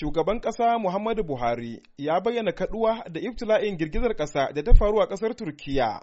shugaban ƙasa Muhammadu Buhari ya bayyana kaduwa da iftila'in girgizar ƙasa da ta faru a ƙasar Turkiya,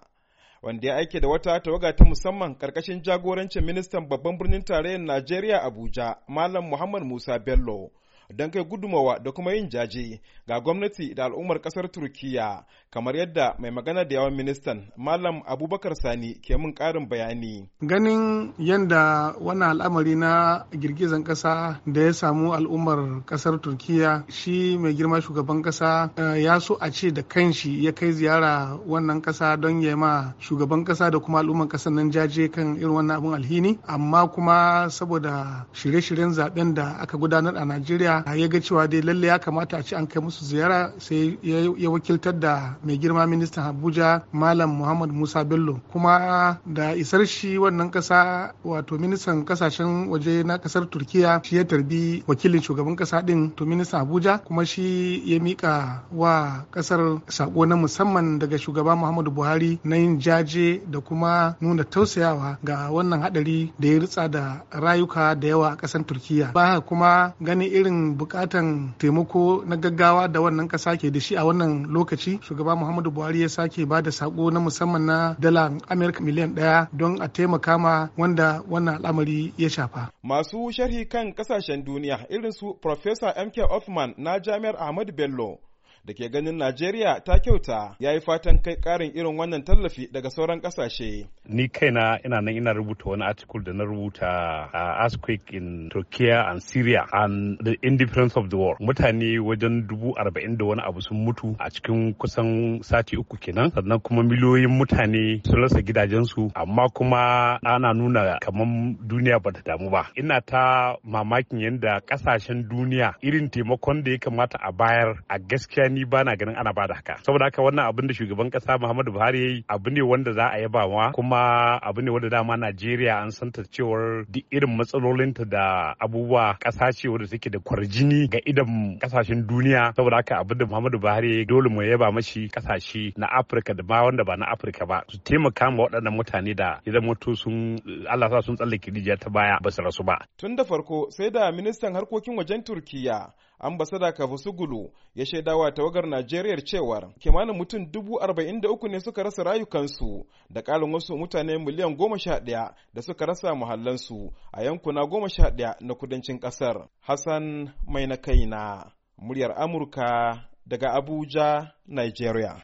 wanda ya aike da wata tawaga ta musamman ƙarƙashin jagorancin ministan babban birnin tarayyar Najeriya Abuja, Malam Muhammad Musa Bello, don kai gudumawa da kuma yin jaje ga gwamnati da al'ummar kasar turkiya kamar yadda mai magana da yawan ministan malam abubakar sani ke mun karin bayani ganin yadda wannan al'amari na girgizan kasa da ya samu al'ummar kasar turkiya shi mai girma shugaban kasa eh, ya so a ce da kanshi ya kai ziyara wannan kasa don ya ma shugaban kasa da kuma al'ummar kasar nan jaje kan irin wannan abin alhini amma kuma saboda shirye-shiryen zaben da aka gudanar a najeriya A ya ga cewa dai lalle ya kamata a ci an kai musu ziyara sai ya wakiltar da mai girma ministan abuja malam muhammad musa bello kuma da isar shi wannan kasa wato ministan kasashen waje na kasar turkiya shi ya tarbi wakilin shugaban kasa din to ministan abuja kuma shi ya mika wa kasar sako na musamman daga shugaba muhammadu buhari na yin jaje da kuma nuna tausayawa ga wannan hadari da ya ritsa da rayuka da yawa a kasar turkiya ba kuma ganin irin bukatan taimako na gaggawa da wannan kasa ke da shi a wannan lokaci shugaba muhammadu buhari ya sake ba da sako na musamman na dala amerika miliyan daya don a taimaka ma wanda wannan al'amari ya shafa masu sharhi kan kasashen duniya irin su professor mk hoffman na jami'ar ahmadu bello da ke ganin Najeriya ta kyauta ya yi fatan kai karin irin wannan tallafi daga sauran ƙasashe. Ni kaina ina nan ina rubuta wani article da na rubuta uh, earthquake in Turkey and Syria and the indifference of the world. Mutane wajen dubu arba'in da wani abu sun mutu a cikin kusan sati uku kenan sannan kuma miliyoyin mutane sun rasa gidajensu amma kuma ana nuna kamar duniya bata damu ba. Ina ta mamakin yadda ƙasashen duniya irin taimakon da ya kamata a bayar a gaskiya ni bana ganin ana bada haka saboda haka wannan abin da shugaban kasa Muhammadu Buhari yayi abu ne wanda za a yaba wa kuma abu ne wanda dama Najeriya an san ta cewar duk irin matsalolin ta da abubuwa kasa ce wanda take da kwarjini ga idan kasashen duniya saboda haka abin da Muhammadu Buhari yayi dole mu yaba mashi kasashe na Afirka da ma wanda ba na Afirka ba su taimaka ma waɗannan mutane da idan mutu sun Allah sa sun tsallake rijiya ta baya ba su rasu ba tun da farko sai da ministan harkokin wajen turkiyya. ambasada kavusugulu ya shaidawa tawagar najeriya cewar kimanin mutum dubu arba'in da uku ne suka rasa rayukansu da kalin wasu mutane miliyan goma sha ɗaya da suka rasa muhallansu a yankuna goma sha ɗaya na kudancin ƙasar hassan mai na kaina muryar amurka daga abuja nigeria